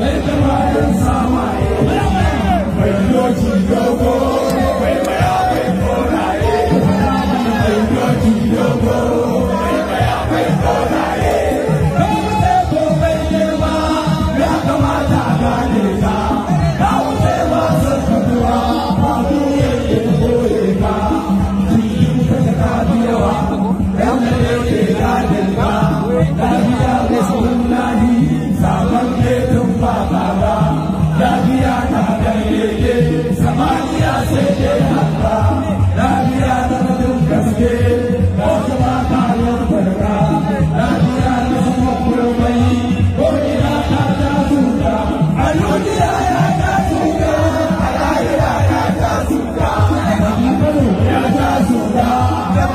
Entra